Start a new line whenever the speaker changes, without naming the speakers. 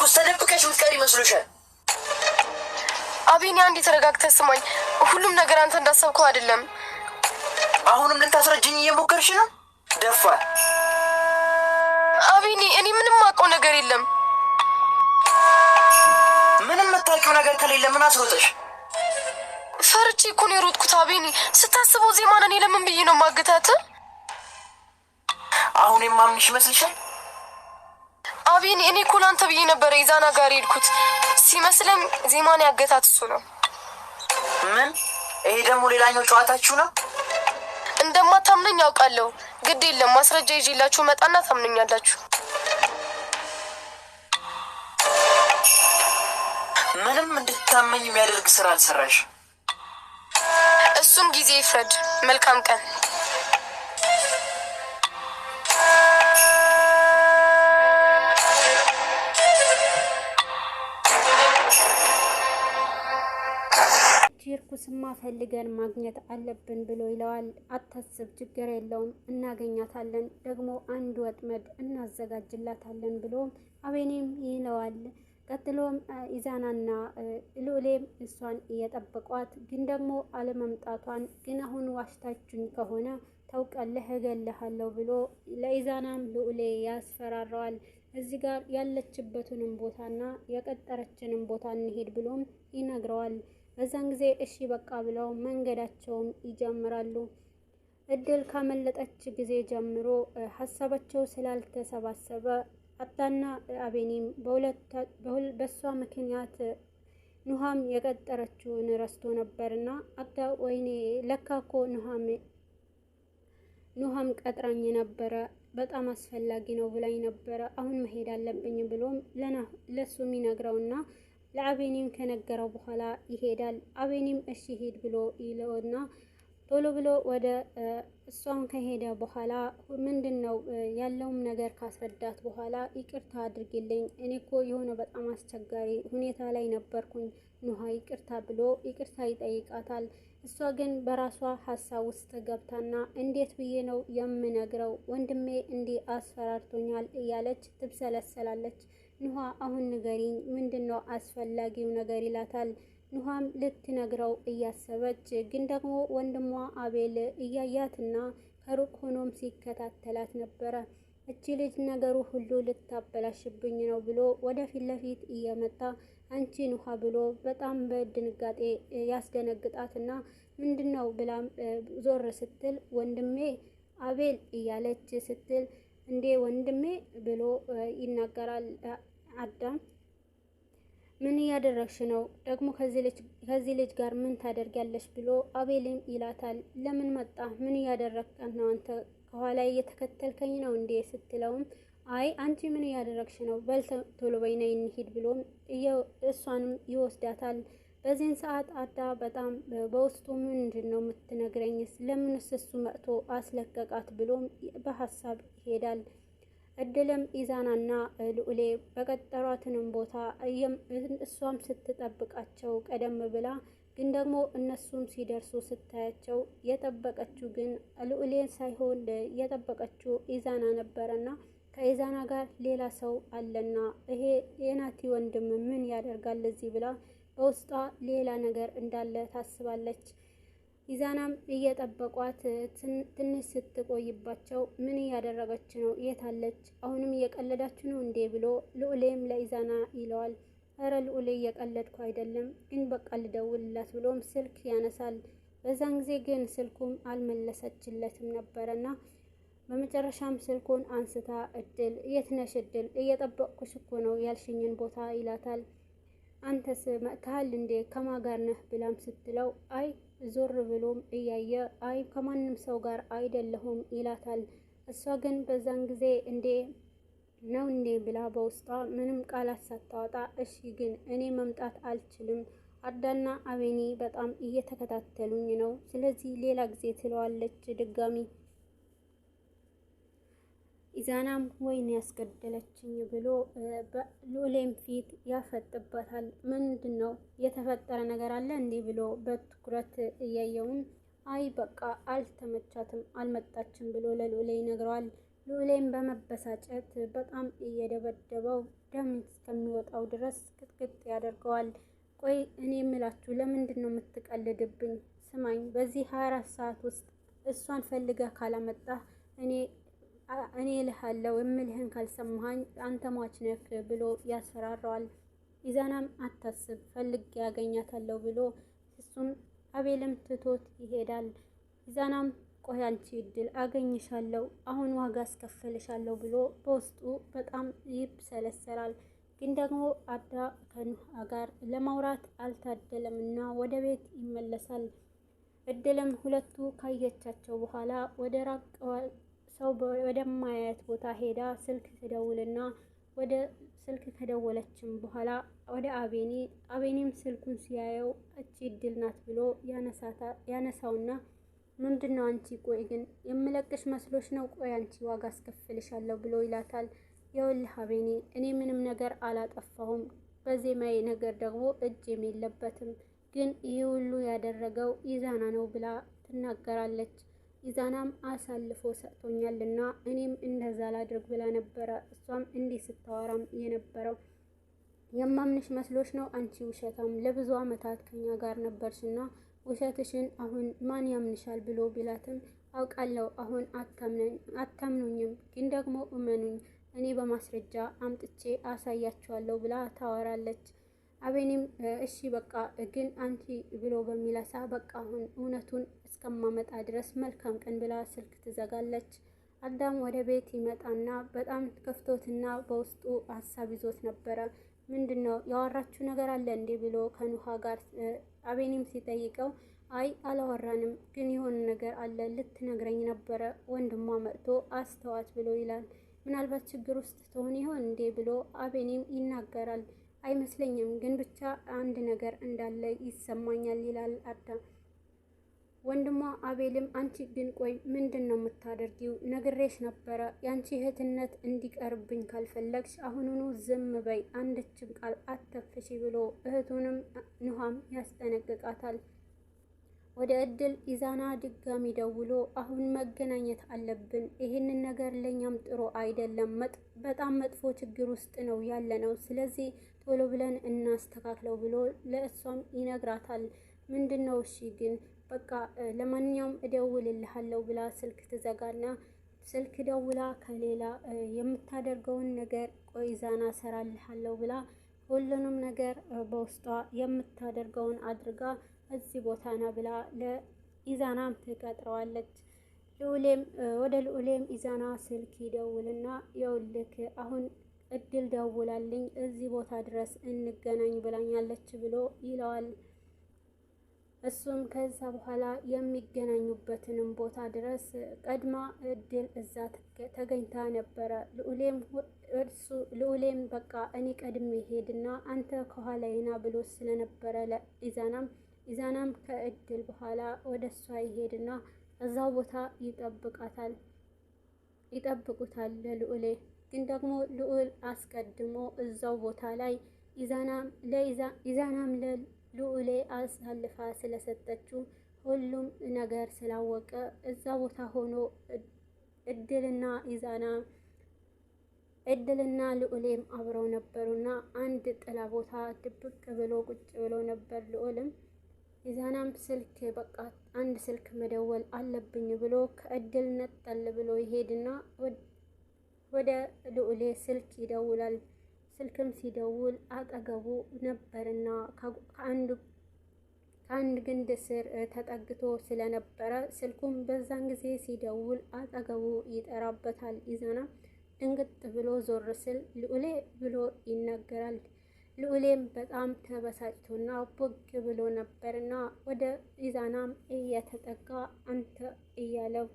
ተኩስ ተደብቀሽ ምትቀሪ ይመስሉሻል?
አቤኔ አንዴ ተረጋግተህ ስማኝ። ሁሉም ነገር አንተ እንዳሰብከው አይደለም።
አሁንም ልታስረጅኝ እየሞከርሽ ነው? ደፋል
አቤኔ፣ እኔ ምንም አውቀው ነገር የለም።
ምንም የምታውቂው ነገር ከሌለ ምን አስሮጠሽ?
ፈርቼ እኮ ነው የሮጥኩት። አቤኔ፣ ስታስበው ዜማን እኔ ለምን ብዬ ነው ማግታት?
አሁን የማምንሽ ይመስልሻል?
አቤን እኔ እኮ ላንተ ብዬ ነበረ ኢዛና ጋር ሄድኩት ሲመስለም ዜማን ያገታት እሱ ነው።
ምን ይሄ ደግሞ ሌላኛው ጨዋታችሁ ነው?
እንደማታምነኝ ያውቃለሁ። ግድ የለም ማስረጃ ይዤላችሁ መጣና ታምነኛላችሁ።
ምንም እንድታመኝ የሚያደርግ ስራ አልሰራሽ።
እሱን ጊዜ ይፍረድ። መልካም ቀን
ስማ ፈልገን ማግኘት አለብን ብሎ ይለዋል። አታስብ፣ ችግር የለውም እናገኛታለን፣ ደግሞ አንድ ወጥመድ እናዘጋጅላታለን ብሎ አቤኔም ይለዋል። ቀጥሎም ኢዛናና ልዑሌ እሷን እየጠበቋት ግን ደግሞ አለመምጣቷን ግን አሁን ዋሽታችሁኝ ከሆነ ታውቃለህ እገልሃለሁ ብሎ ለኢዛናም ልዑሌ ያስፈራረዋል። እዚህ ጋር ያለችበትንም ቦታና የቀጠረችንም ቦታ እንሄድ ብሎም ይነግረዋል። በዛን ጊዜ እሺ በቃ ብለው መንገዳቸውን ይጀምራሉ። እድል ካመለጠች ጊዜ ጀምሮ ሀሳባቸው ስላልተሰባሰበ አታና አቤኒም በእሷ ምክንያት ኑሃም የቀጠረችውን ረስቶ ነበርና አታ ወይኔ ለካኮ ኑሃም ኑሃም ቀጥራኝ ነበረ በጣም አስፈላጊ ነው ብላኝ ነበረ አሁን መሄድ አለብኝ ብሎም ለሱ የሚነግረውና ለአቤኒም ከነገረው በኋላ ይሄዳል። አቤኒም እሺ ሂድ ብሎ ይለውና ቶሎ ብሎ ወደ እሷን ከሄደ በኋላ ምንድን ነው ያለውም ነገር ካስረዳት በኋላ ይቅርታ አድርግልኝ፣ እኔ እኮ የሆነ በጣም አስቸጋሪ ሁኔታ ላይ ነበርኩኝ ኑሃ ይቅርታ ብሎ ይቅርታ ይጠይቃታል። እሷ ግን በራሷ ሀሳብ ውስጥ ገብታና እንዴት ብዬ ነው የምነግረው ወንድሜ እንዲህ አስፈራርቶኛል እያለች ትብሰለሰላለች። ኑሃ አሁን ንገሪኝ፣ ምንድን ነው አስፈላጊው ነገር ይላታል። ኑሃም ልትነግረው እያሰበች ግን ደግሞ ወንድሟ አቤል እያያትና ከሩቅ ሆኖም ሲከታተላት ነበረ። እቺ ልጅ ነገሩ ሁሉ ልታበላሽብኝ ነው ብሎ ወደ ፊት ለፊት እየመጣ አንቺ ኑሃ ብሎ በጣም በድንጋጤ ያስደነግጣትና ምንድን ነው ብላም ዞር ስትል ወንድሜ አቤል እያለች ስትል እንዴ ወንድሜ ብሎ ይናገራል። አዳም ምን እያደረግሽ ነው? ደግሞ ከዚህ ልጅ ጋር ምን ታደርጊያለሽ? ብሎ አቤልም ይላታል። ለምን መጣ? ምን እያደረግከን ነው? አንተ ከኋላ እየተከተልከኝ ነው እንዴ? ስትለውም አይ አንቺ ምን እያደረግሽ ነው? በል ቶሎ በይ ነይ እንሂድ ብሎም እሷንም ይወስዳታል። በዚህን ሰዓት አዳ በጣም በውስጡ ምንድን ነው የምትነግረኝስ? ለምንስ እሱ መጥቶ አስለቀቃት? ብሎም በሀሳብ ይሄዳል። እድልም ኢዛናና ልዑሌ በቀጠሯትንም ቦታ እሷም ስትጠብቃቸው ቀደም ብላ ግን ደግሞ እነሱም ሲደርሱ ስታያቸው የጠበቀችው ግን ልዑሌን ሳይሆን የጠበቀችው ኢዛና ነበረና ከኢዛና ጋር ሌላ ሰው አለና ይሄ የናቲ ወንድም ምን ያደርጋል እዚህ ብላ በውስጧ ሌላ ነገር እንዳለ ታስባለች። ኢዛናም እየጠበቋት ትንሽ ስትቆይባቸው ምን እያደረገች ነው? የት አለች? አሁንም እየቀለዳችሁ ነው እንዴ? ብሎ ልዑሌም ለኢዛና ይለዋል። እረ ልዑሌ እየቀለድኩ አይደለም፣ ግን በቃ ልደውልላት ብሎም ስልክ ያነሳል። በዛን ጊዜ ግን ስልኩም አልመለሰችለትም ነበረና በመጨረሻም ስልኩን አንስታ እድል የት ነሽ? እድል እየጠበቅኩሽ እኮ ነው ያልሽኝን ቦታ ይላታል። አንተስ መጥተሃል እንዴ? ከማጋር ጋር ነህ? ብላም ስትለው አይ ዞር ብሎም እያየ አይ ከማንም ሰው ጋር አይደለሁም ይላታል። እሷ ግን በዛን ጊዜ እንዴ ነው እንዴ ብላ በውስጧ ምንም ቃላት ሳታወጣ እሺ ግን እኔ መምጣት አልችልም፣ አዳና አቤኔ በጣም እየተከታተሉኝ ነው፣ ስለዚህ ሌላ ጊዜ ትለዋለች ድጋሚ ኢዛናም ወይን ያስገደለችኝ ብሎ በሉሌም ፊት ያፈጥበታል። ምንድን ነው የተፈጠረ ነገር አለ እንዲህ ብሎ በትኩረት እያየውን አይ በቃ አልተመቻትም አልመጣችም ብሎ ለሉሌ ይነግረዋል። ሉሌም በመበሳጨት በጣም እየደበደበው ደም እስከሚወጣው ድረስ ቅጥቅጥ ያደርገዋል። ቆይ እኔ የምላችሁ ለምንድን ነው የምትቀልድብኝ? ስማኝ፣ በዚህ 24 ሰዓት ውስጥ እሷን ፈልገህ ካላመጣህ እኔ እኔ እልሃለሁ እምልህን ካልሰማኸኝ አንተ ሟች ነክ ብሎ ያስፈራረዋል። ኢዛናም አታስብ ፈልግ ያገኛታለሁ ብሎ እሱን አቤልም ትቶት ይሄዳል። ኢዛናም ቆይ አንቺ እድል አገኝሻለሁ፣ አሁን ዋጋ አስከፍልሻለሁ ብሎ በውስጡ በጣም ይብሰለሰላል። ግን ደግሞ አዳ ከኑሃ ጋር ለማውራት አልታደለም እና ወደ ቤት ይመለሳል። እድልም ሁለቱ ካየቻቸው በኋላ ወደ ራቅ ሰው ወደማያት ቦታ ሄዳ ስልክ ትደውልና ወደ ስልክ ከደወለችም በኋላ ወደ አቤኔ አቤኔም ስልኩን ሲያየው እቺ እድል ናት ብሎ ያነሳውና ምንድን ነው አንቺ ቆይ ግን የምለቅሽ መስሎች ነው ቆይ አንቺ ዋጋ አስከፍልሻለሁ ብሎ ይላታል የውልህ አቤኒ እኔ ምንም ነገር አላጠፋሁም በዜማዬ ነገር ደግሞ እጅም የለበትም ግን ይህ ሁሉ ያደረገው ኢዛና ነው ብላ ትናገራለች ኢዛናም አሳልፎ ሰጥቶኛልና እኔም እንደዛ ላድርግ ብላ ነበረ። እሷም እንዲህ ስታወራም የነበረው የማምንሽ መስሎች ነው አንቺ ውሸታም፣ ለብዙ ዓመታት ከኛ ጋር ነበርሽና ውሸትሽን አሁን ማን ያምንሻል ብሎ ቢላትም አውቃለሁ አሁን አታምኑኝም፣ ግን ደግሞ እመኑኝ እኔ በማስረጃ አምጥቼ አሳያችኋለሁ ብላ ታወራለች። አቤኒም እሺ በቃ ግን አንቺ ብሎ በሚለሳ በቃ አሁን እውነቱን እስከማመጣ ድረስ መልካም ቀን ብላ ስልክ ትዘጋለች። አዳም ወደ ቤት ይመጣና በጣም ከፍቶትና በውስጡ ሀሳብ ይዞት ነበረ። ምንድን ነው ያወራችሁ ነገር አለ እንዴ ብሎ ከኑሃ ጋር አቤኒም ሲጠይቀው አይ አላወራንም፣ ግን የሆነ ነገር አለ ልትነግረኝ ነበረ ወንድሟ መጥቶ አስተዋት ብሎ ይላል። ምናልባት ችግር ውስጥ ትሆን ይሆን እንዴ ብሎ አቤኒም ይናገራል። አይመስለኝም፣ ግን ብቻ አንድ ነገር እንዳለ ይሰማኛል ይላል አዳም። ወንድሟ አቤልም አንቺ ግን ቆይ ምንድን ነው የምታደርጊው? ነግሬሽ ነበረ የአንቺ እህትነት እንዲቀርብኝ ካልፈለግሽ አሁኑኑ ዝም በይ፣ አንድችም ቃል አተፍሺ ብሎ እህቱንም ኑሃም ያስጠነቅቃታል። ወደ እድል ኢዛና ድጋሚ ደውሎ አሁን መገናኘት አለብን፣ ይህንን ነገር ለእኛም ጥሩ አይደለም፣ በጣም መጥፎ ችግር ውስጥ ነው ያለነው። ስለዚህ ቶሎ ብለን እናስተካክለው ብሎ ለእሷም ይነግራታል። ምንድን ነው እሺ ግን በቃ ለማንኛውም እደውልልሃለሁ ብላ ስልክ ትዘጋና ስልክ ደውላ ከሌላ የምታደርገውን ነገር ቆይ ዛና ሰራልሃለሁ ብላ ሁሉንም ነገር በውስጧ የምታደርገውን አድርጋ እዚህ ቦታ ና ብላ ለኢዛናም ትቀጥረዋለች። ልዑሌም ወደ ልዑሌም ኢዛና ስልክ ይደውልና የውልክ አሁን እድል ደውላልኝ እዚህ ቦታ ድረስ እንገናኝ ብላኛለች ብሎ ይለዋል። እሱም ከዛ በኋላ የሚገናኙበትንም ቦታ ድረስ ቀድማ እድል እዛ ተገኝታ ነበረ። ልዑሌም እርሱ ልዑሌም በቃ እኔ ቀድሜ ሄድና አንተ ከኋላዬና ብሎ ስለነበረ ለኢዛናም ኢዛናም ከእድል በኋላ ወደ እሷ ይሄድና እዛው ቦታ ይጠብቃታል ይጠብቁታል ለልዑሌ ግን ደግሞ ልዑል አስቀድሞ እዛው ቦታ ላይ ኢዛናም ለልዑሌ አሳልፋ ስለሰጠችው ሁሉም ነገር ስላወቀ እዛ ቦታ ሆኖ እድልና ኢዛና እድልና ልዑሌም አብረው ነበሩና አንድ ጥላ ቦታ ድብቅ ብሎ ቁጭ ብሎ ነበር። ልዑልም ኢዛናም ስልክ በቃ አንድ ስልክ መደወል አለብኝ ብሎ ከእድል ነጠል ብሎ ይሄድና ወደ ልዑሌ ስልክ ይደውላል። ስልክም ሲደውል አጠገቡ ነበርና ከአንድ ከአንድ ግንድ ስር ተጠግቶ ስለነበረ ስልኩም በዛን ጊዜ ሲደውል አጠገቡ ይጠራበታል። ይዘና ድንግጥ ብሎ ዞር ስል ልዑሌ ብሎ ይናገራል። ልዑሌም በጣም ተበሳጭቶና ቦግ ብሎ ነበርና ወደ ኢዛናም እየተጠጋ አንተ እያለው